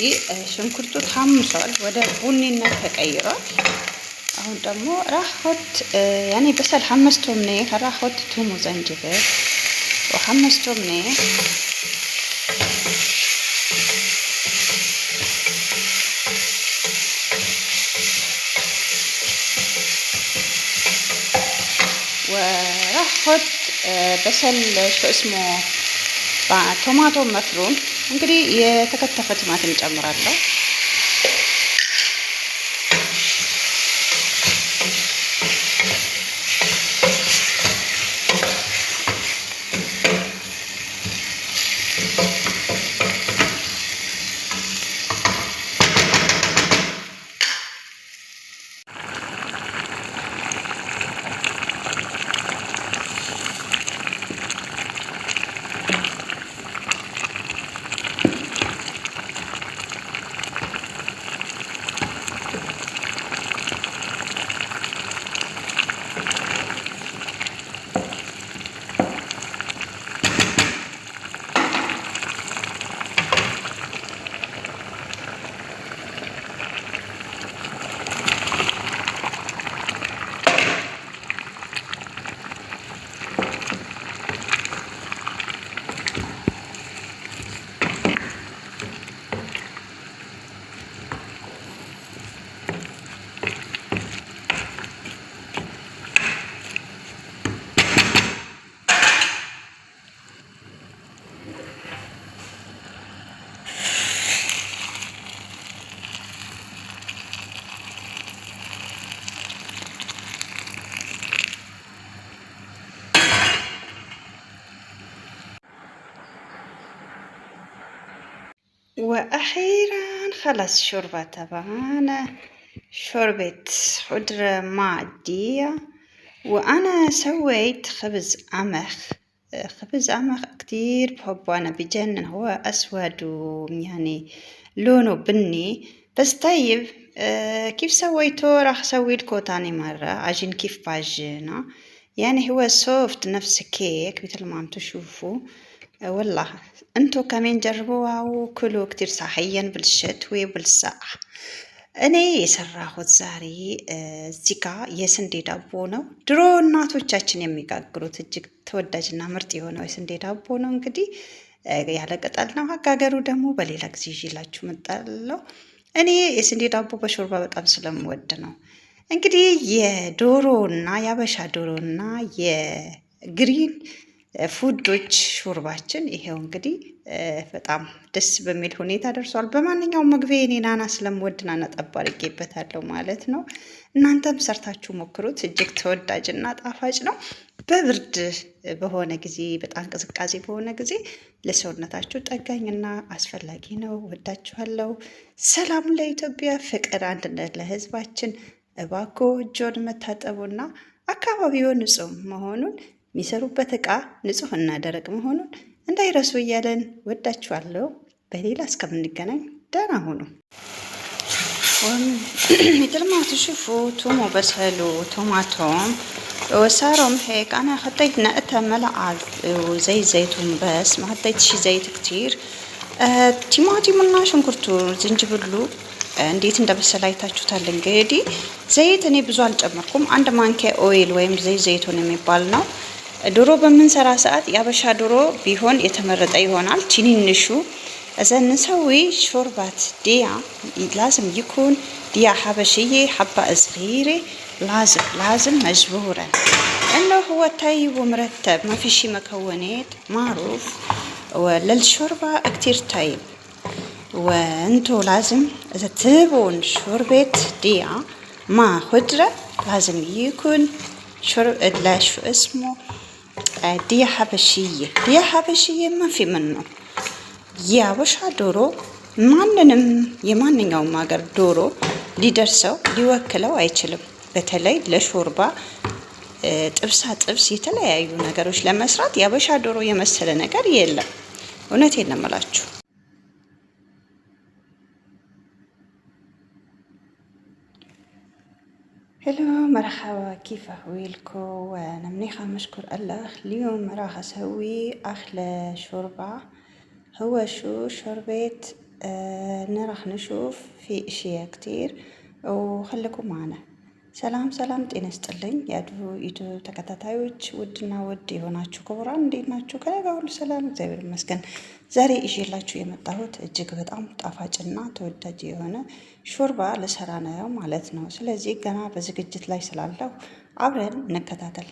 እዚህ ሽንኩርቱ ታምሷል፣ ወደ ቡኒነት ተቀይሯል። አሁን ደግሞ ራሆት ያኔ በሰል ሓመስቶ ምነ ራሆት ቱሙ ዘንጅብል ወሓመስቶ ምነ وراح احط بسل شو اسمه توماتو مفروم እንግዲህ የተከተፈ ቲማቲም ጨምራለሁ። وأخيرا خلص الشوربة طبعا شوربة خضرة مع الدية وأنا سويت خبز أمخ خبز أمخ كتير بحبه أنا بجنن هو أسود ويعني لونه بني بس طيب أه كيف سويته راح أسوي لكم تاني مرة عجين كيف بعجينه يعني هو سوفت نفس كيك مثل ما عم تشوفوا والله انتو كمان جربوها وكلوا كتير صحيا بالشت وبالساع እኔ የሰራሁት ዛሬ እዚህ ጋ የስንዴ ዳቦ ነው። ድሮ እናቶቻችን የሚጋግሩት እጅግ ተወዳጅና ምርጥ የሆነው የስንዴ ዳቦ ነው። እንግዲህ ያለ ቅጠል ነው። አጋገሩ ደግሞ በሌላ ጊዜ ይዤላችሁ እመጣለሁ። እኔ የስንዴ ዳቦ በሾርባ በጣም ስለምወድ ነው። እንግዲህ የዶሮና የአበሻ ዶሮና የግሪን ፉዶች ሹርባችን ይሄው እንግዲህ በጣም ደስ በሚል ሁኔታ ደርሷል። በማንኛውም መግቢያ እኔ ናና ስለምወድ ናና ጠብ አድርጌበታለሁ ማለት ነው። እናንተም ሰርታችሁ ሞክሩት። እጅግ ተወዳጅና ጣፋጭ ነው። በብርድ በሆነ ጊዜ፣ በጣም ቅዝቃዜ በሆነ ጊዜ ለሰውነታችሁ ጠጋኝና አስፈላጊ ነው። ወዳችኋለሁ። ሰላም ለኢትዮጵያ፣ ፍቅር፣ አንድነት ለህዝባችን እባኮ እጆን መታጠቡና አካባቢውን ንጹህ መሆኑን የሚሰሩበት ዕቃ ንጹህና ደረቅ መሆኑን እንዳይረሱ እያለን ወዳችኋለሁ። በሌላ እስከምንገናኝ ደህና ሁኑ። ومثل ሽፉ تشوفوا በሰሉ ቶማቶም ወሳሮም توماتوم وصاروا هيك انا حطيت نقتها ملعقة وزي زيتون بس ما حطيت شي ሽንኩርቱ ዝንጅብሉ እንዴት እንደበሰለ አይታችሁታል። እንግዲህ ዘይት እኔ ብዙ አልጨመርኩም። አንድ ማንኪያ ኦይል ወይም ዘይት ዘይቱን የሚባል ነው ዶሮ በምንሰራ ሰዓት የአበሻ ዶሮ ቢሆን የተመረጠ ይሆናል። ትንንሹ እዘን ንሰዊ ሾርባት ድያ ላዝም ይኩን ድያ ሓበሽዬ ሓባ እዝሪሬ ላዝም ላዝም መጅቡረን እነ هو طيب ومرتب ما في شي مكونات معروف وللشوربة كتير طيب وانتو لازم اذا تبون شوربة ديا مع خضرة لازم يكون شرب اسمه ዲያ ሀበሽዬ ዲያ ሀበሽዬ ምን ፊ ምን ነው የአበሻ ዶሮ ማንንም የማንኛውም ሀገር ዶሮ ሊደርሰው ሊወክለው አይችልም። በተለይ ለሾርባ ጥብሳ ጥብስ የተለያዩ ነገሮች ለመስራት የአበሻ ዶሮ የመሰለ ነገር የለም። እውነት የለም የምላችሁ። هلو مرحبا كيف احوالكو انا منيحة نشكر الله اليوم راح اسوي احلى شوربه هو شو شوربه آه راح نشوف في اشياء كتير وخليكم معنا ሰላም ሰላም፣ ጤና ይስጥልኝ የአድቮ ኢትዮ ተከታታዮች ውድና ውድ የሆናችሁ ክቡራን እንዴት ናችሁ? ከኔ ጋር ሁሉ ሰላም እግዚአብሔር ይመስገን። ዛሬ ይዤላችሁ የመጣሁት እጅግ በጣም ጣፋጭና ተወዳጅ የሆነ ሾርባ ልሰራ ነው ማለት ነው። ስለዚህ ገና በዝግጅት ላይ ስላለሁ አብረን እንከታተል።